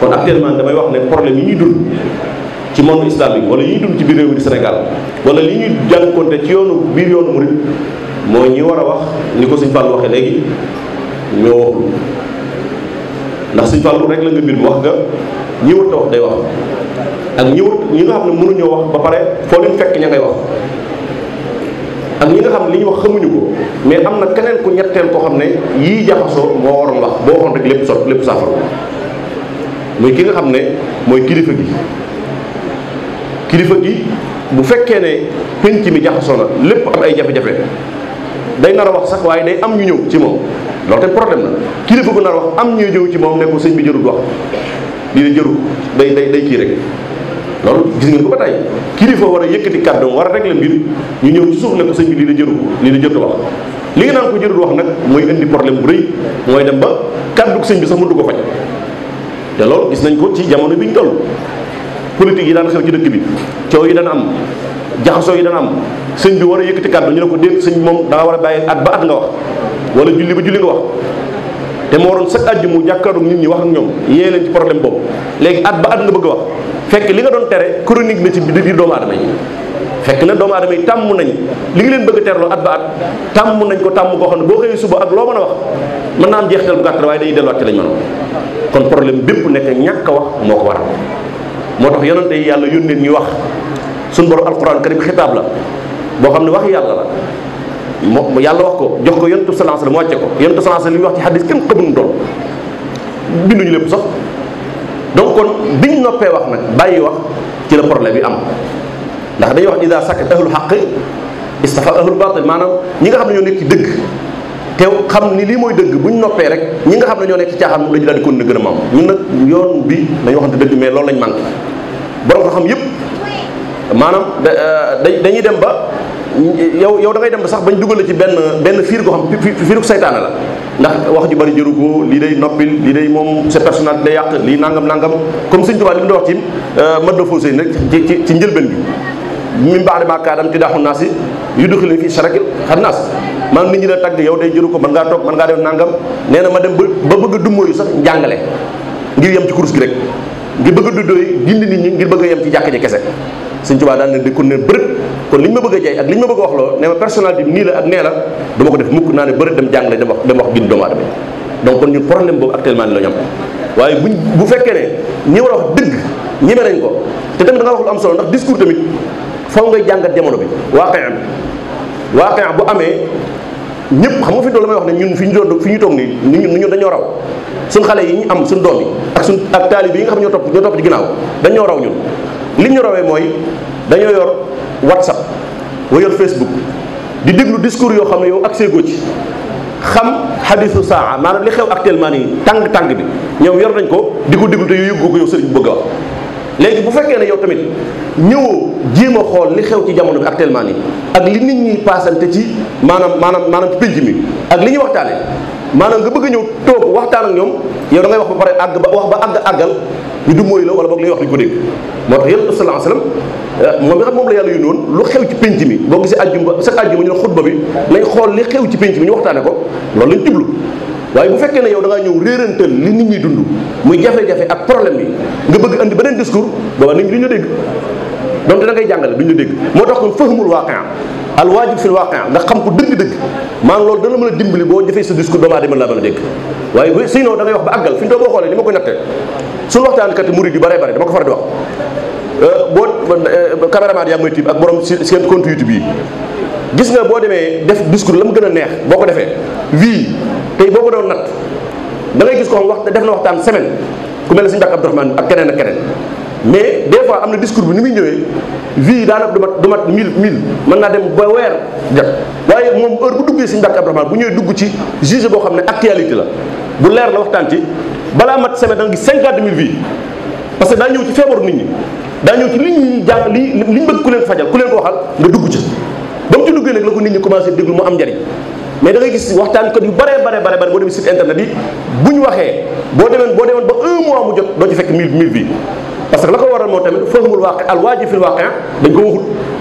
kon actellement damay wax ne problème yi ñuy dund ci monde islamique wala yi ñuy dund ci biir réew mi di wala li ñuy jànkonte ci yoonu biir yoonu murid mooy ñi war a wax ni ko Sëñ Fallu waxee léegi ñoo waxul ndax Sëñ Fallu rek la nga mbir mu wax nga ñi wut wax day wax ak ñi wut ñi nga xam ne mënuñoo wax ba pare foo leen fekk ña ngay wax ak ñi nga xam ne li ñu wax xamuñu ko mais am na keneen ku ñetteel koo xam ne yii jaxasoo moo waroon wax boo waxoon rek lépp sot lépp saafara mooy ki nga xam ne mooy kilifa gi kilifa gi bu fekkee ne pénc mi jaxasoo na lépp am ay jafe-jafe day nar a wax sax waaye day am ñu ñëw ci moom loolu tam problème la kilifa gu nar a wax am ñu ñëw ci moom ne ko sëñ bi jërul wax lii de jërul day day day kii rek loolu gis ngeen ko ba tey kilifa war a yëkkati kàddoom war a régler mbir ñu ñëw ci ne ko sëñ bi lii de jërul lii de wax li nga naan ko jërul nag mooy indi problème bu rëy mooy dem ba kàddu sëñ bi sax mënut ko faj te loolu gis nañ ko ci jamono bi ñu toll politique yi daan xew ci dëkk bi coow yi daan am jaxasoo yi daan am sëñ bi war a yëkkati kàddu ñu ne ko déet sëñ bi moom da war a bàyyi at ba at nga wax wala julli ba julli nga wax te moo waroon chaque àjjuma mu jàkkaaru nit ñi wax ak ñoom yee leen ci problème boobu léegi at ba at nga bëgg a wax fekk li nga doon tere chronique na ci di doomu aadama yi fekk na doomu aadama yi tàmm nañ li nga leen bëgg a terloo at ba at tàmm nañ ko tàmm koo xam ne boo xëyee suba ak loo mën a wax mën naa am jeexital bu gàtt waaye dañuy delluwaat ci lañ mënoon kon problème bépp nekk ñàkk a wax moo ko waral moo tax yonante yi yàlla yónnee ñu wax suñu borom alquran karim xitaab la boo xam ne wax yàlla la moo yàlla wax ko jox ko yontu salance la mu wàcce ko yontu salance la li ñu wax ci xadis kenn xamuñu doon binduñu lépp sax donc kon biñ noppee wax nag bàyyi wax ci la problème bi am ndax dañuy wax ida sakkat ahlul xaq istafa ahlul batil maanaam ñi nga xam ne ñoo nekk ci te xam ni lii mooy dëgg bu ñu noppee rek ñi nga xam ne ñoo nekk ci caaxaan moom la ñu daal di continuer gën a maam ñun nag yoon bi dañu waxante dëgg mais loolu lañ manqué borom nga xam yëpp maanaam euh, dañuy dem ba yow yow da ngay dem ba sax bañ dugal ci benn benn fiir goo xam fiiruk saytaane la ndax wax ju bari jëru lii day noppil lii day moom sa personnalité day yàq lii nangam nangam comme Sëñ Tuubaa li mu doon wax ci euh, mën da ci ci bi min baax demaakaadam ti daaxu naas yi yu duxi lañ fi sarakil xan naas maanaam nit ñi da tagg yow day jëru ko man ngaa toog mën ngaa def nangam nee na ma dem ba bëgg dummóoyu sax njàngale ngir yem ci kurus gi rek ngir bëgg du duddooy gindi nit ñi ngir bëgg a yem ci jàkk ji kese Sëñ Tuubaa daan ne di ko ne bërët kon li ma bëgg a jaay ak li ma bëgg a wax loo ne ma personnalité bi nii la ak nee la du ma ko def mukk naa ne bërët dem jàngale dem wax dem wax gindi doomu aadama donc kon ñun problème boobu actuellement ni la ñu waaye buñ bu fekkee ne ñi dëgg ñeme nañ ko te tamit da nga wax lu am solo ndax discours tamit faw ngay jàngat jamono bi waaqe am waaqe amee ñëpp xam nga fi doon la may wax ne ñun fi ñu doon fi ñu toog nii ni ñu ñu dañoo raw suñ xale yi ñu am suñ doom yi ak suñ ak taalib yi nga xam ñoo topp ñoo topp ci ginnaaw dañoo raw ñun li ñu rawee mooy dañoo yor whatsapp wa yor facebook di déglu discours yoo xam ne yow accès goo ci xam xadisu saa maanaam li xew actuellement nii tàng tàng bi ñoom yor nañ ko di ko déglu te yow yëggu ko yow sëriñ bëgg a léegi bu fekkee ne yow tamit ñëwoo jéem a xool li xew ci jamono bi actuellement nii ak li nit ñi paasante ci maanaam maanaam maanaam pénc mi ak li ñuy waxtaane maanaam nga bëgg ñëw toog waxtaan ak ñoom yow da ngay wax ba pare àgg ba wax ba àgg àggal ñu du la wala boog li ñuy wax ñu moo tax yéen sallallahu alayhi wasallam moom mi xam moom la yàlla yu noonu lu xew ci pénc mi boo gisee àjjuma sax àjjuma ñu ne xutba bi nañ xool li xew ci pénc mi ñu waxtaane ko loolu lañ jublu waaye bu fekkee ne yow da ñëw réerantal li nit ñi dund muy jafe-jafe ak problème bi nga bëgg andi beneen discours booba nit ñi duñu dégg donc da ngay jàngale duñu dégg moo tax kon fahmul waaqia al waajib fil waaqia nga xam ko dëgg-dëgg maanaam loolu dana mën a dimbali boo jëfee sa discours doomu aadama la mën a dégg waaye bu sinon da ngay wax ba àggal fi ñu doo boo xoolee li ma ko nattee suñu waxtaankat murid yu bare bare dama ko far di wax euh, boo euh, caméraman yaa ngi may tiib seen compte YouTube gis nga boo demee def discours la mu gën a neex boo ko defee wii tey boo doon nat da ngay gis ko xam wax def na waxtaan semaine ku mel ne suñu bàkk Abdourahmane ak keneen ak keneen mais des fois am na discours bi ni muy ñëwee vie yi daanaka du mat du mat mille mille mën naa dem ba weer jot waaye moom heure bu duggee suñu bàkk Abdourahmane bu ñëwee dugg ci juge boo xam ne actualité la bu leer la waxtaan ci balaa mat semaine da nga gis cinquante mille vies parce que daa ñëw ci feebaru nit ñi daa ñëw ci li ñuy jàng li li ñu bëgg ku leen fajal ku nga dugg ci ba mu ci duggee ko nit ñi commencé déglu mu am njariñ mais da gis waxtaan kat yu bare bare bare bare boo demee site internet yi bu ñu waxee boo demee boo demee ba un mu jot doo ci fekk mille mille bi parce que la ko waral moo tamit foo waaqi al waaji fil waaqi ah, dañ ko waxut